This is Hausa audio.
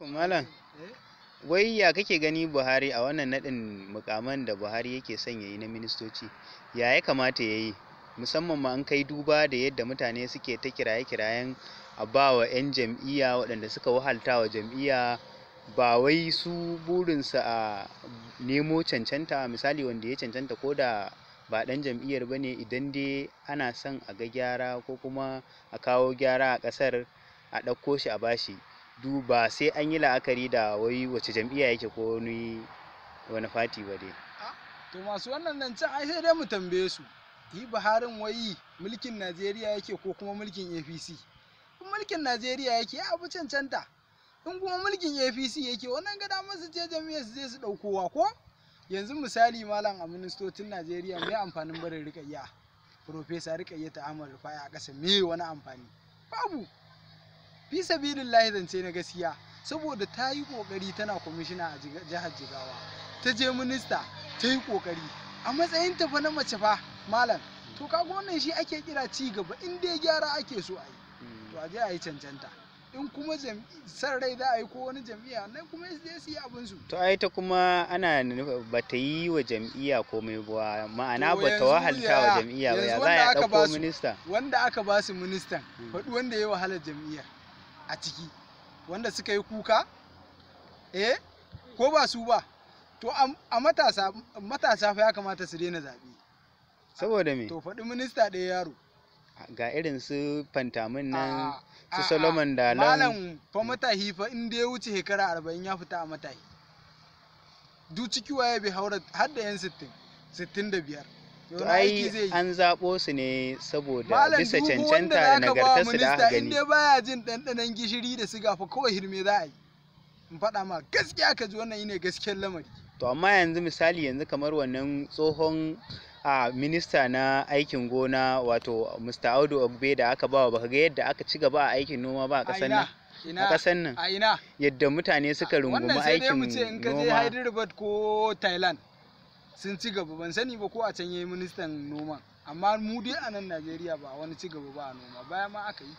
Malam, wai ya kake gani Buhari a wannan naɗin mukaman da Buhari yake son yayi na ministoci, ya ya kamata ya yi, musamman ma an kai duba da yadda mutane suke ta kiraye-kirayen a ba wa 'yan jam'iyya waɗanda suka wahalta wa jam'iyya ba wai su burinsa a nemo cancanta misali wanda ya cancanta ko da ba ɗan jam'iyyar ba ne idan dai ana son a ga gyara ko kuma a kawo gyara a ƙasar a ɗauko shi a bashi Duba sai an yi la'akari da wai wace jam'iyya yake ko wani wani fati ba dai to masu wannan nan can ai sai dai mu tambaye su yi buharin wai mulkin najeriya yake ko kuma mulkin apc in mulkin najeriya yake ya abu cancanta in kuma mulkin apc yake wannan gada masu je jami'a su je su ɗaukowa ko yanzu misali malam a ministocin najeriya mai amfanin barin rikayya profesa rikayya ta amur rufai a ƙasa me wani amfani babu fi sabilin zance na gaskiya saboda ta yi kokari tana kwamishina a jihar jigawa ta je minista ta yi kokari a matsayin tafa na mace fa malam to kaga wannan shi ake kira ci gaba in dai gyara ake so a yi to a je a yi cancanta in kuma san rai za a yi ko wani jam'iyya nan kuma sai su yi abin su to ai ta kuma ana ba ta yi wa jam'iyya komai ba ma'ana ba ta wahalta wa jam'iyya ba ya za a dauko minista wanda aka ba su ministan hmm. faɗi wanda ya wahala jam'iyyar a ciki wanda suka yi kuka eh ko ba su ba to a matasa matasa fa ya kamata su daina zaɓe saboda me to faɗi minista ɗaya yaro ga irin su fantamin nan su solomon da malam fa matahi fa in da ya wuce shekara arba'in ya fita a matahi duk ciki waye bai haura har da yan sittin sittin da biyar to ai an zaɓo su ne saboda bisa cancanta da su da aka gani inda baya jin ɗanɗanon gishiri da siga fa kawai hirme za a yi in faɗa ma gaskiya ka ji wannan ne gaskiyar lamari to amma yanzu misali yanzu kamar wannan tsohon a minista na aikin gona wato mr audu ogbe da aka bawa baka ga yadda aka ci gaba a aikin noma ba a ƙasar nan a ƙasar nan yadda mutane suka rungumi aikin noma wannan sai dai mu ce in ka je Hyderabad ko Thailand sun ci gaba ban sani ba ko a can yayi ministan noma amma mu dai a nan najeriya ba wani ci gaba ba a noma baya ma aka yi